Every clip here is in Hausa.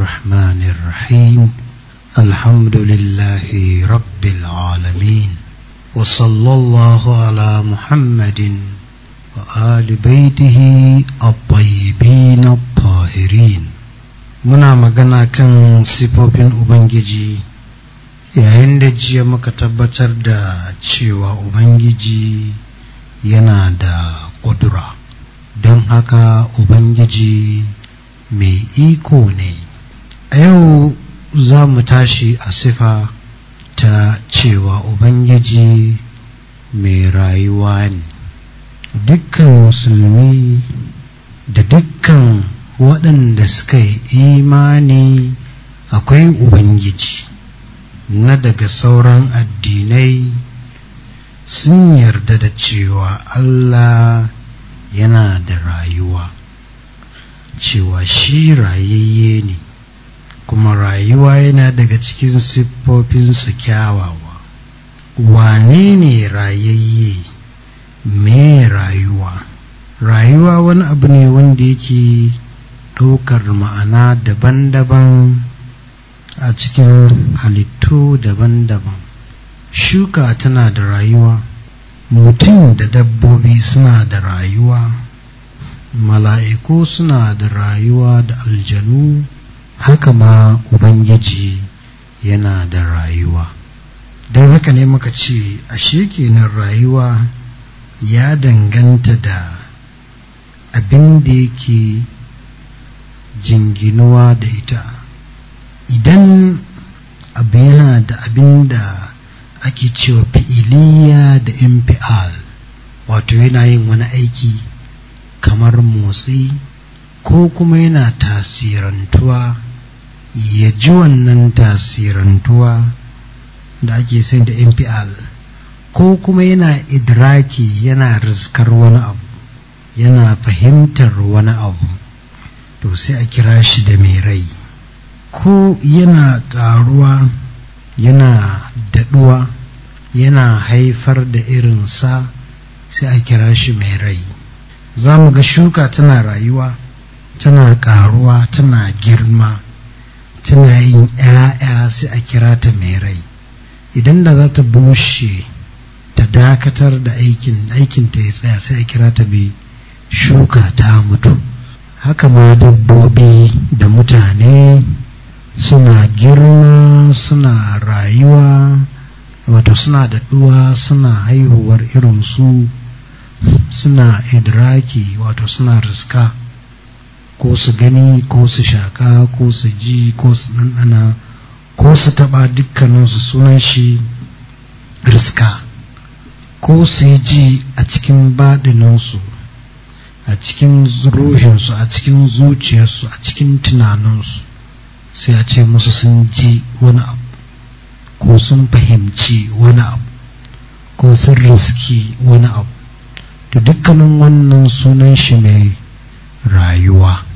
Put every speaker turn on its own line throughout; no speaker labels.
الرحمن الرحيم الحمد لله رب العالمين وصلى الله على محمد وآل بيته الطيبين الطاهرين muna magana kan sifofin ubangiji yayin da jiya muka tabbatar da cewa ubangiji yana da ƙudura don haka ubangiji mai iko ne a yau za mu tashi a sifa ta cewa ubangiji mai rayuwa ne dukkan musulmi da dukkan waɗanda suka yi imani akwai ubangiji na daga sauran addinai sun yarda da cewa allah yana da rayuwa cewa shi rayayye ne kuma rayuwa yana daga cikin siffofin su kyawawa wane ne rayayye me rayuwa rayuwa wani abu ne wanda yake ɗaukar ma'ana daban-daban a cikin halittu daban-daban shuka tana da rayuwa mutum da dabbobi suna da rayuwa mala'iku suna da rayuwa da aljanu haka ma ubangiji yana da rayuwa don haka ne muka ce ashe kenan rayuwa ya danganta da abin da yake jinginuwa da ita idan abu yana da abin da ake cewa fi'iliya da mpl wato yana yin wani aiki kamar motsi ko kuma yana tasirantuwa ya ji wannan tasirantuwa da ake sai da mpl ko kuma yana idraki yana rizkar wani abu yana fahimtar wani abu to sai a kira shi da mai rai ko yana ƙaruwa yana daɗuwa yana haifar da irinsa sai a kira shi mai rai za mu ga shuka tana rayuwa tana ƙaruwa tana girma tana yin ‘ya'ya sai a kira ta mai rai idan da za ta bushe ta dakatar da aikin aikin ta ya tsaya sai a kira ta mai shuka ta mutu haka ma dabbobi da mutane suna girma suna rayuwa wato suna daɗuwa suna haihuwar irinsu suna idraki wato suna riska ko su gani ko su shaka ko su ji ko su ɗanɗana ko su taɓa dukkaninsu sunan shi riska ko su yi ji a cikin baɗinansu a cikin ruhinsu a cikin zuciyarsu a cikin tunaninsu sai a ce musu sun ji wani abu ko sun fahimci wani abu ko sun riski wani abu da dukkanin wannan sunan shi mai rayuwa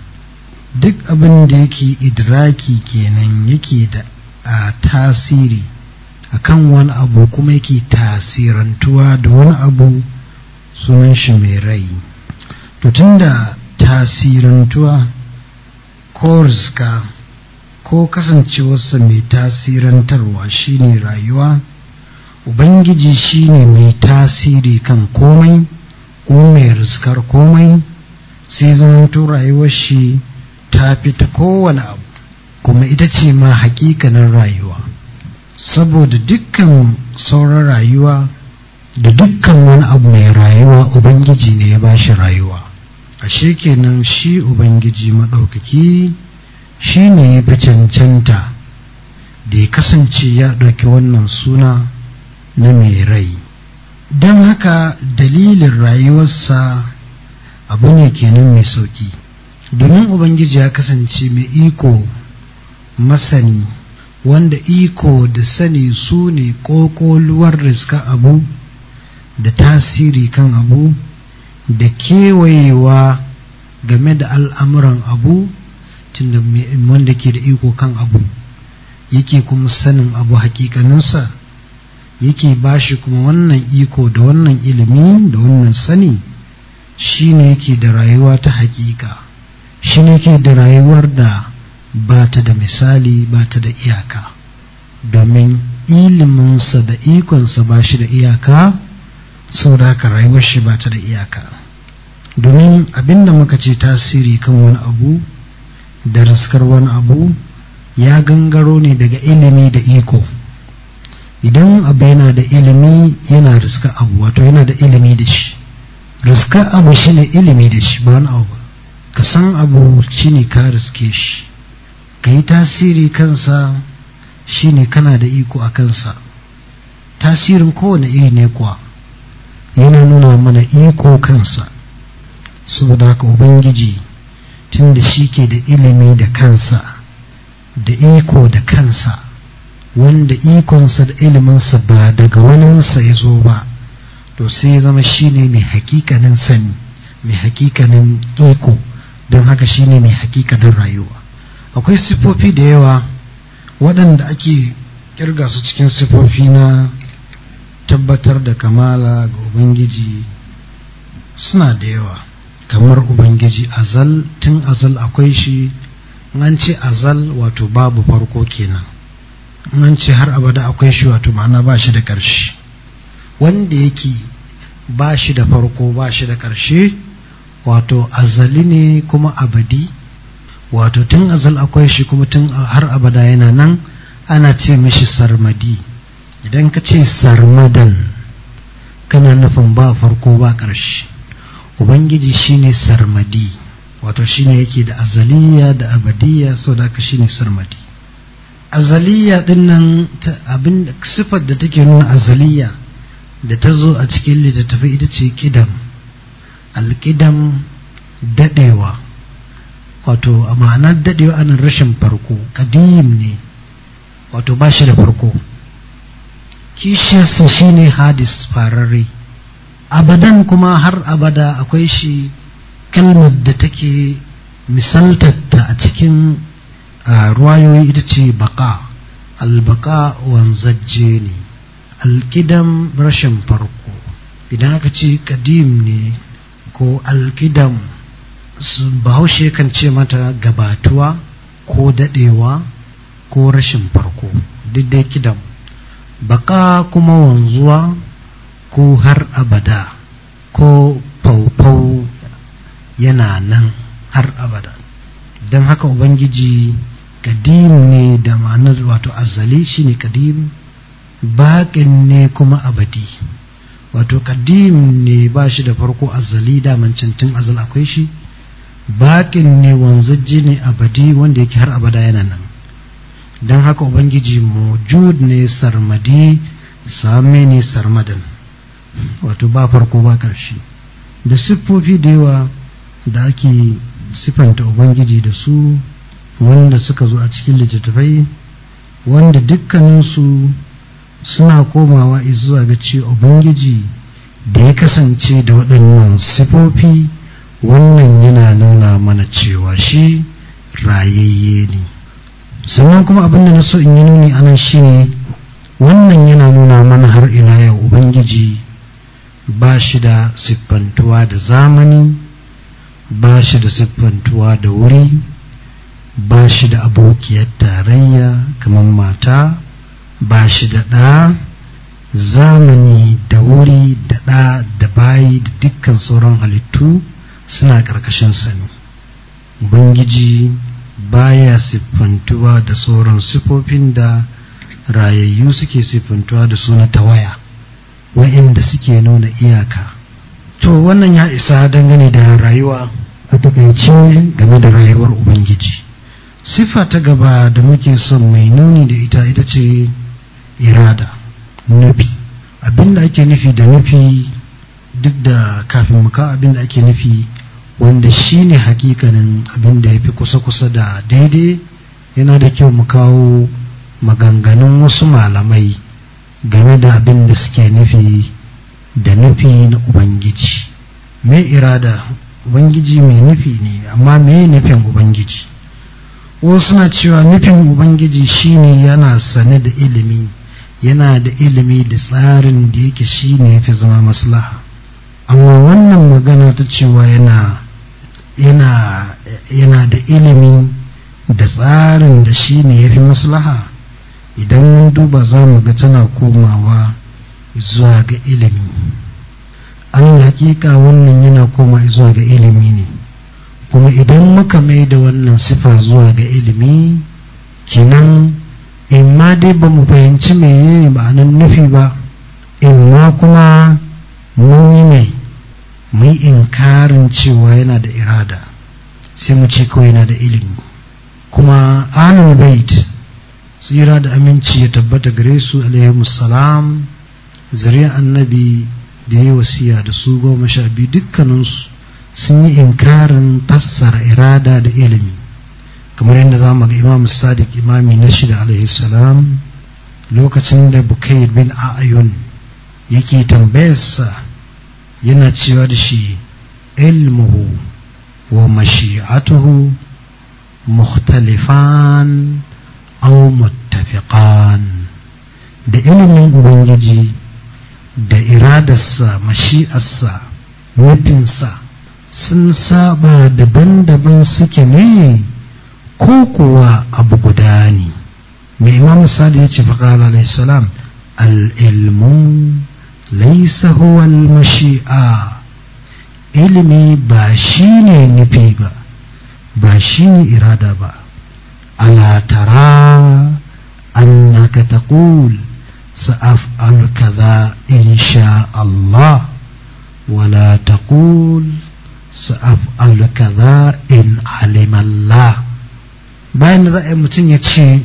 duk abin da yake idraki kenan yake da a tasiri akan wani abu kuma yake tasirantuwa da wani abu sunan shi mai rai to da tasirantuwa ko riska ko kasancewarsa mai tasirantarwa shine rayuwa ubangiji shine mai tasiri kan komai ko mai riskar komai sai zama rayuwar shi ta fita kowane abu kuma ita ce ma hakikanin rayuwa saboda dukkan sauran rayuwa da dukkan wani abu mai rayuwa ubangiji ne ya bashi rayuwa ashe kenan shi ubangiji maɗaukaki shi ne ya fi cancanta da ya kasance ya ɗauki wannan suna na mai rai don haka dalilin rayuwarsa abu ne kenan mai sauƙi domin ubangiji ya kasance mai iko masani wanda iko da sani su ne ƙoƙoluwar riska abu da tasiri kan abu da kewayewa game da al'amuran abu tunda wanda ke da iko kan abu yake kuma sanin abu hakikaninsa yake ba shi kuma wannan iko da wannan ilimi da wannan sani shine ne yake da rayuwa ta hakika shi ne ke da rayuwar da ba ta da misali ba ta da iyaka domin iliminsa da ikonsa ba shi da iyaka sau da haka rayuwar shi ba ta da iyaka domin abinda muka ce tasiri kan wani abu da riskar wani abu ya gangaro ne daga ilimi da iko idan abu yana da ilimi yana riska abu wato yana da ilimi da shi riska abu shi ne ilimi da shi ba wani abu ba ka san abu shi ne ka riske shi ka yi tasiri kansa shi ne kana da iko a kansa tasirin kowane iri ne kuwa yana nuna mana iko kansa saboda haka ubangiji tun da shi ke da ilimi da kansa da iko da kansa wanda ikonsa da iliminsa ba daga waninsa ya zo ba to sai ya zama shi ne mai hakikanin sani mai hakikanin iko don haka shine mai hakikatar rayuwa akwai sifofi da yawa waɗanda ake kirga su cikin sifofi na tabbatar da kamala ga ubangiji suna da yawa kamar ubangiji azal tun azal akwai shi an ce azal wato babu farko kenan an ce har abada akwai shi wato ma'ana ba shi da ƙarshe wanda yake ba shi da farko ba shi da ƙarshe wato azali ne kuma abadi wato tun azal akwai shi kuma tun har abada yana nan ana ce mishi sarmadi idan ka ce sarmadan kana nufin ba farko ba ƙarshe ubangiji shine sarmadi wato shine yake da azaliya da abadiya sau da shine sarmadi azaliya dinnan abin sifar da take nuna azaliya da ta zo a cikin littattafai ita ce kidan Alƙidan daɗewa wato a ma'anar daɗewa anan rashin farko kadim ne wato ba shi da farko kishiyarsa shi ne hadis fararre abadan kuma har abada akwai shi kalmar da take misaltatta a cikin ruwayoyi ita ce baka albaka wanzajje ne alƙidan rashin farko idan aka ce kadim ne ko alƙidam bahaushe kan ce mata gabatuwa ko daɗewa ko rashin farko duk dai kidam baka kuma wanzuwa ko har abada ko faufau yana nan har abada don haka ubangiji kadim ne da ma'anar wato azali shine kadim baƙin ne kuma abadi wato kadim ne ba shi da farko azali daman mancintin azal akwai shi baƙin ne wanzu ne abadi wanda yake har abada yana nan don haka ubangiji mujud ne sarmadi same ne sarmadan wato ba farko ba ƙarshe da siffofi da yawa da ake siffanta ubangiji da su wanda suka zo a cikin littattafai wanda dukkaninsu suna komawa izuwa ga ce ubangiji da ya kasance da waɗannan sifofi wannan yana nuna mana cewa shi rayayye ne sannan kuma abin da na so in yi nuni a nan shi ne wannan yana nuna mana har ila yau ubangiji ba shi da siffantuwa da zamani ba shi da siffantuwa da wuri ba shi da abokiyar tarayya kamar mata ba shi da ɗa zamani da wuri da ɗa da bayi da dukkan sauran halittu suna ƙarƙashin sani ubangiji baya siffantuwa da sauran siffofin da rayayyu suke siffantuwa da suna tawaya wa'inda suke nuna iyaka to wannan ya isa dangane da rayuwa a takaice game da rayuwar ubangiji siffa ta gaba da muke son mai nuni da ita ita ce irada nufi abinda ake nufi da nufi duk da kafin mu abinda ake nufi wanda shine hakikanin abinda ya fi kusa-kusa da daidai yana da kyau mu kawo maganganun wasu malamai game da abin suke nufi da nufi na ubangiji mai irada ubangiji mai nufi ne amma mai nufin ubangiji wasu na cewa nufin ubangiji shine yana sane da ilimi yana da ilimi da tsarin da yake shi ne ya fi zama maslaha amma wannan magana ta cewa yana da ilimi da tsarin da shi ne ya fi maslaha idan mun duba za mu ga tana komawa zuwa ga ilimi an hakika wannan yana koma zuwa ga ilimi ne kuma idan muka mai da wannan sifa zuwa ga ilimi kenan in dai ba mu fahimci menene nan nufi ba in ma kuma mun yi mai mu yi inkarin cewa yana da irada sai mu ce kawai yana da ilimi kuma alul bait tsira da aminci ya tabbata gare su alaihimus salam zuriya annabi da ya yi wasiya da su goma sha biyu dukkaninsu sun yi inkarin fassara irada da ilimi kamar yadda za mu ga imam sadiq imami na shida alaihi salam lokacin da bukayir bin a'ayun yake tambayarsa yana cewa da shi ilmuhu wa mashi'atuhu mukhtalifan aw muttafiqan da ilimin ubangiji da iradarsa mashi'arsa nufinsa sun saba daban-daban suke ne ko kuwa abu guda ne mai imam sadi ya ce faƙala salam al'ilmu laisa huwal mashi'a ilimi ba shi ne nufi ba ba shi ne irada ba ala tara annaka taqul سأفعل كذا إن Allah wala ولا تقول سأفعل كذا إن in bayan da za a yi mutum ya ce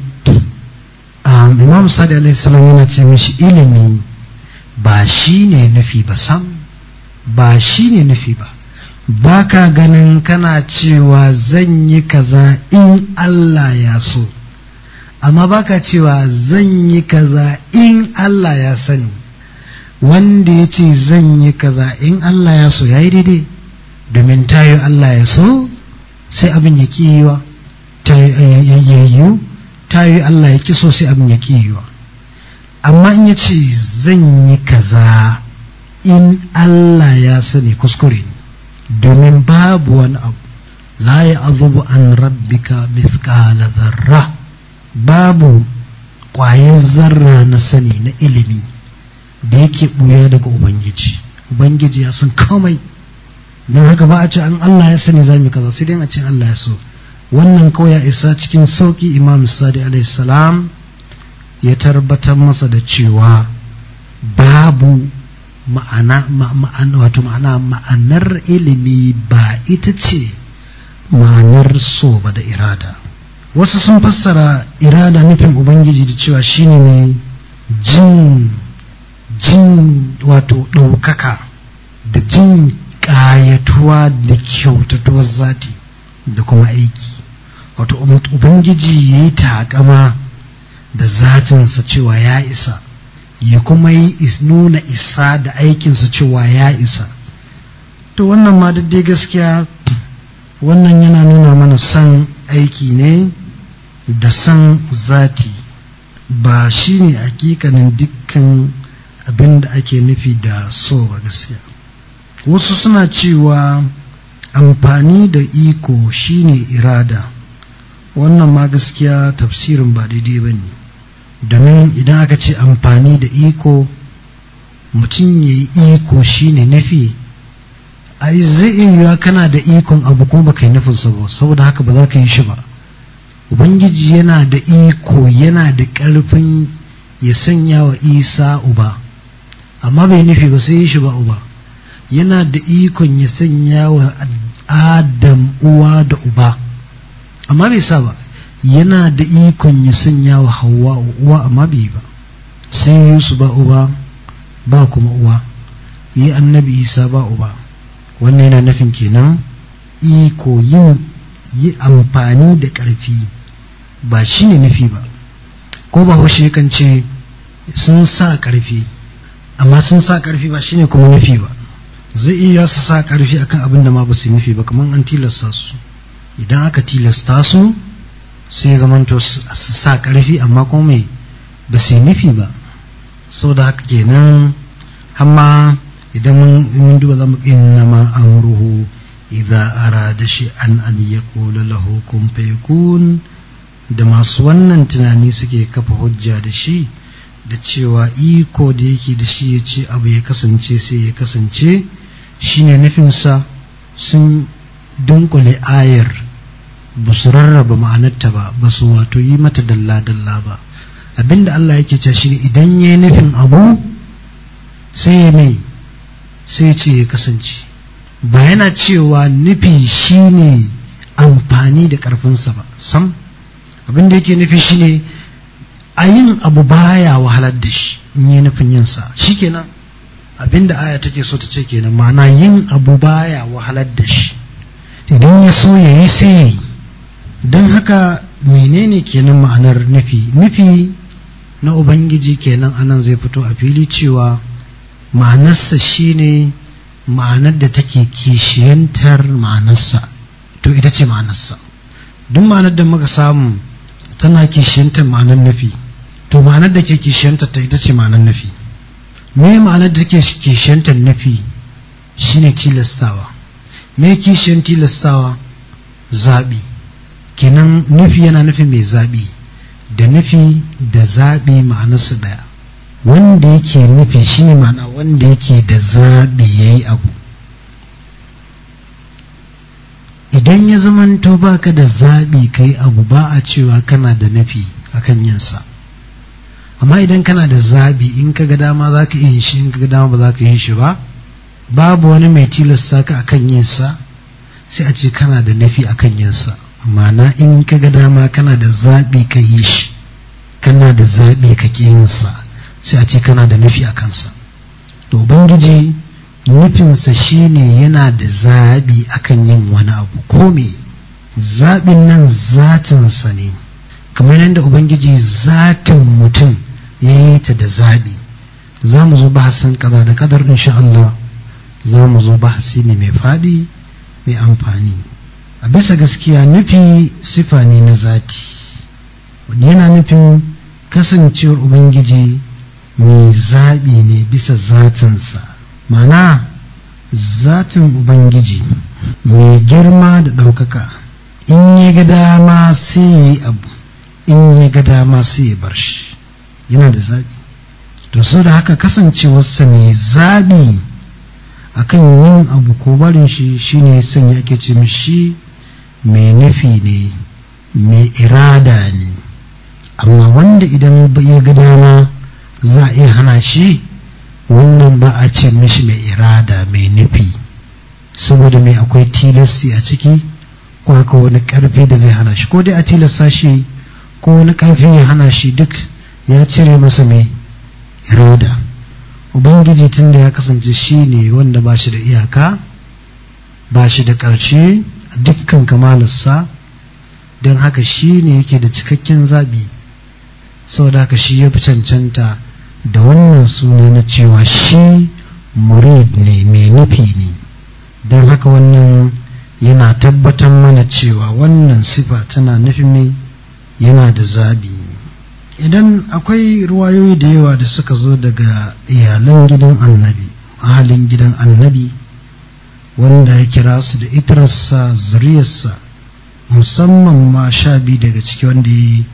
um, imam sadi alaihissalam yana ce mishi ilimi ba shi ne nufi ba sam ba shi ne nufi ba ba ka ganin kana cewa zan yi kaza in Allah ya so amma ba ka cewa zan yi kaza in Allah ya sani wanda ya ce zan yi kaza in Allah ya so ya yi daidai domin tayo Allah ya so sai abin ya kiyewa ta tayi eh, ta yi Allah ya ki so sai abin ya ki amma in ya ce zan yi kaza in Allah ya sani kuskure domin babu wani abu la ya azubu an rabbika mithqala zarra babu ƙwayar zarra na sani na ilimi da yake ɓuya daga ubangiji ubangiji ya san komai don haka ba a ce an Allah ya sani za mu kaza sai dai a ce Allah ya so wannan kawai ya isa cikin sauki imam sadi alaihissalam ya tarbatar masa da cewa babu ma'ana wato ma'ana ma'anar ilimi ba ita ce ma'anar so ba da irada wasu sun fassara irada nufin ubangiji da cewa shine ne jin jin wato ɗaukaka da jin ƙayatuwa da kyautatuwar zati da kuma aiki wato ubangiji ya yi takama da zatinsa cewa ya isa ya kuma yi nuna isa da aikinsa cewa ya isa to wannan ma daidai gaskiya wannan yana nuna mana san aiki ne da san zati ba shi ne hakikanin dukkan abin da ake nufi da so ba gaskiya wasu suna cewa amfani da iko shine irada wannan ma gaskiya tafsirin ba daidai ba ne domin idan aka ce amfani da iko mutum ya yi iko shi shine nafi yi zai iya yiwuwa kana da ikon abu kuma baka yi nufin sabo saboda haka ba za ka yi shi ba ubangiji yana da iko yana da ƙarfin ya sanya wa isa uba amma bai nufi ba sai yi shi ba uba yana da ikon ya sanya wa adam uwa da uba amma bai sa ba yana da ikon ya sanya wa hawa uwa amma bai ba sai yusu ba uba ba kuma uwa yi annabi isa ba uba wannan yana nufin kenan iko yin yi amfani da ƙarfi ba shi ne nufi ba ko ba hushe kan ce sun sa ƙarfi amma sun sa ƙarfi ba shi ne kuma nufi ba zai iya su sa ƙarfi akan abin da ma ba su nufi ba kamar an tilasta su idan aka tilasta su sai zamanto su sa ƙarfi amma kome ba su nufi ba sau da haka kenan amma idan mun duba zama inna ma an ruhu idan ara da shi an an ya kula lahokun faikun da masu wannan tunani suke kafa hujja da shi da cewa iko da yake da shi ya ce abu ya kasance sai ya kasance shine nufinsa sun dunkule ayar ba su rarraba ma'anarta ba ba su wato yi mata dalla-dalla ba abinda Allah yake ce shi idan ya yi nufin abu sai ya mai sai ce ya kasance ba yana cewa nufi ne amfani da ƙarfinsa ba sam abinda yake nufi ne a yin abu baya wahalar da shi in yi nufin yinsa shikenan abinda aya take so ta ce kenan ma'ana yin abu baya wahalar da shi idan ya so ya yi sai don haka menene kenan ma'anar nufi nufi na ubangiji kenan anan zai fito a fili cewa ma'anarsa shine ma'anar da take kishiyantar ma'anarsa to ita ce ma'anarsa duk ma'anar da muka samu tana kishiyantar ma'anar nufi to ma'anar da ke kishiyantar ta ita ce ma'anar nufi me ma'anar da take kishiyantar nufi shine tilastawa Mai kishiyan tilastawa zaɓi kenan nufi yana nufi mai zaɓi da nufi da zaɓi ma'anarsa ɗaya wanda yake nufi shi ma'ana wanda yake da zaɓi ya yi abu idan ya zamanto baka da zaɓi kai abu ba a cewa kana da nufi akan yinsa amma idan kana da zaɓi in ka ga dama za ka yi shi in ka ga dama ba za ka yi shi ba babu wani mai tilasta ka akan yin sa sai a ce kana da nafi akan yin sa ma'ana in ka ga dama kana da zaɓi ka yi shi kana da zaɓi ka ƙi yin sa sai a ce kana da nafi a kansa to ubangiji nufinsa shine yana da zaɓi akan yin wani abu ko me zaɓin nan zatinsa ne kamar yadda ubangiji zatin mutum ya yi ta da zaɓi za mu zo san kaza da kadar insha Allah za mu zo bahasi ne mai faɗi mai amfani a bisa gaskiya nufi sifa ne na zati Wani yana nufin kasancewar ubangiji mai zaɓi ne bisa zatinsa mana zatin ubangiji mai girma da ɗaukaka in ya ga dama sai yi abu in ya ga dama sai ya bar shi yana da zaɓi to sau da haka kasancewarsa mai zaɓi akan yin abu ko barin shi shine sanya ake ce mishi mai nufi ne mai irada ne amma wanda idan bai ga dama za a iya hana shi wannan ba a ce mishi mai irada mai nufi saboda mai akwai tilasti a ciki ko haka wani karfi da zai hana shi ko dai a tilasta shi ko wani karfi ya hana shi duk ya cire masa mai irada ubangiji tun da ya kasance shi ne wanda ba shi da iyaka ba shi da ƙarshe a dukkan kamalarsa don haka shi ne yake da cikakken zaɓi saboda haka shi ya fi cancanta da wannan suna na cewa shi murid ne mai nufi ne don haka wannan yana tabbatar mana cewa wannan sifa tana nufi mai yana da zaɓi idan akwai ruwayoyi da yawa da suka zo daga iyalan gidan annabi ahalin gidan annabi wanda ya kira su da itarsa zuriyarsa musamman ma sha biyu daga ciki wanda ya yi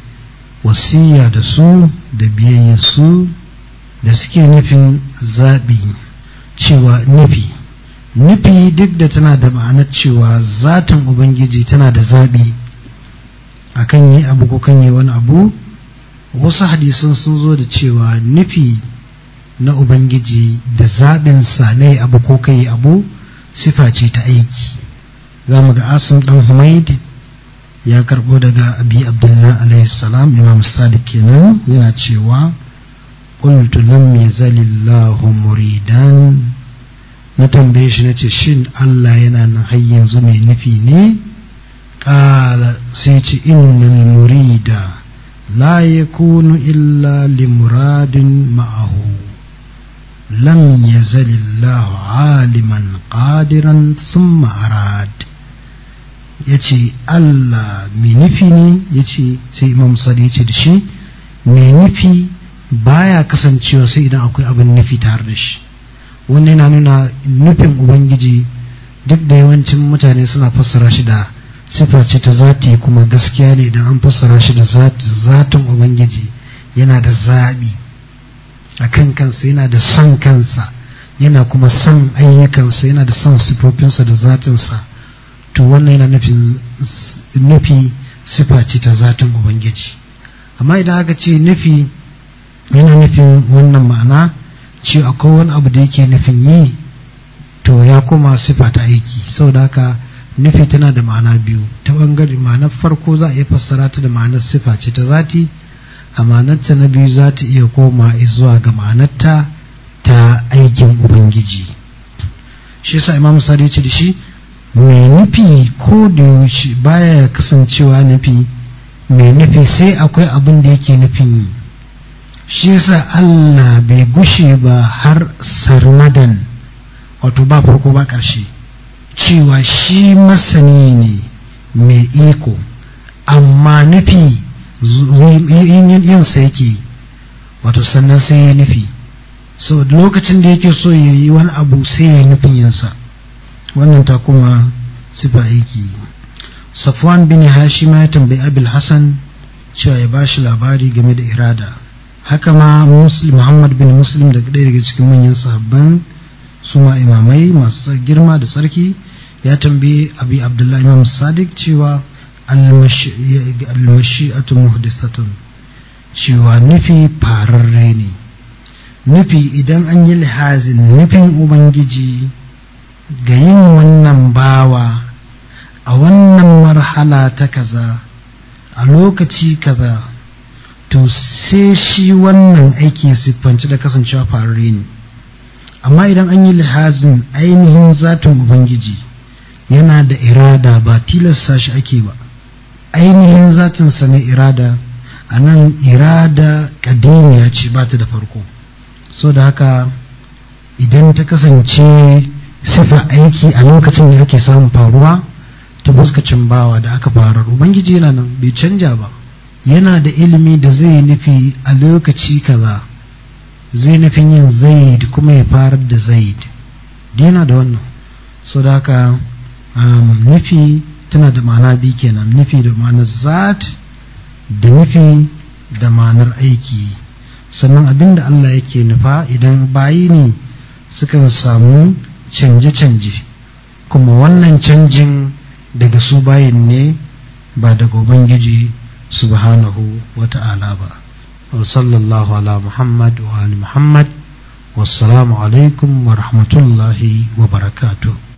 wasiya da su da biyayya su da suke nufin zaɓi cewa nufi nufi duk da tana da ma'anar cewa zatan ubangiji tana da zaɓi a kan yi abu ko kan yi wani abu wasu hadisan sun zo da cewa nufi na ubangiji da zaɓin sa na abu ko kai abu sifa ce ta aiki za mu ga Asan ɗan humaid ya karɓo daga abi abdullahi alayhi salam imam sadiq kenan yana cewa qultu lam zalillahu muridan na tambaye shi ce shin Allah yana nan har yanzu mai nufi ne ƙala sai ce innal murida لا يكون إلا لمراد معه لم يزل الله عالما sun ثم Ya yace Allah mai nufi ne ce sai Imam Sadi ce da shi mai nufi baya kasancewa sai idan akwai abin nufi tare da shi wannan yana nuna nufin Ubangiji duk da yawancin mutane suna fassara shi da sifa ce ta zati kuma gaskiya ne idan an fassara shi da zatin ubangiji yana da zaɓi a kan kansa yana da son kansa yana kuma son ayyukansa yana da son sifofinsa da zatinsa to wannan yana nufi sifa ce ta zatin ubangiji amma idan aka ce nufi yana nufin wannan ma'ana ce akwai wani abu da yake nufin yi to ya kuma sifa ta aiki saboda haka nufi tana da ma'ana biyu ta bangare ma'anar farko za a iya fassara ta da ma'anar sifa ce ta zati a ma'anarta na biyu za ta iya koma zuwa ga ma'anar ta ta aikin ubangiji shi sa imam sadi ce da shi mai nufi ko da yaushe baya kasancewa nufi mai nufi sai akwai abin da yake nufin yi shi sa Allah bai gushe ba har sarmadan wato ba farko ba ƙarshe cewa shi masani ne mai iko amma nufi yinsa yake wato sannan sai ya nufi so lokacin da yake so ya yi wani abu sai ya nufin yansa, wannan ta kuma sifa aiki safwan bin hashima ya tambayi abil hassan cewa ya bashi labari game da irada haka ma muhammad bin muslim daga ɗaya daga cikin manyan sahabban Suma ma imamai masu girma da tsarki ya tambayi abi abdullahi imam sadiq cewa almashi'atu muhdisatun cewa nufi fararre ne nufi idan an yi lihazin nufin ubangiji ga yin wannan bawa a wannan marhala ta kaza a lokaci kaza to sai shi wannan aiki siffanci da kasancewa fararre ne amma idan an yi lihazin ainihin zatin ubangiji yana da irada ba tilasta shi ake ba ainihin zatinsa ne irada a nan irada ƙadimiya ce ba ta da farko so da haka idan ta kasance sifa aiki a lokacin da ake samun faruwa ta fuska bawa da aka fara ubangiji yana nan bai canja ba yana da ilimi da zai nufi a lokaci kaza zai nufin yin zaid kuma ya farar da zaid dina da wannan so da haka um, nufi tana da ma'ana bi kenan nufi da ma'anar zat da nufi da ma'anar aiki sannan abinda Allah yake nufa idan bayi ne suka samu canje-canje kuma wannan canjin daga su bayin ne ba daga ubangiji subhanahu wata'ala ba وصلى الله على محمد وآل محمد والسلام عليكم ورحمة الله وبركاته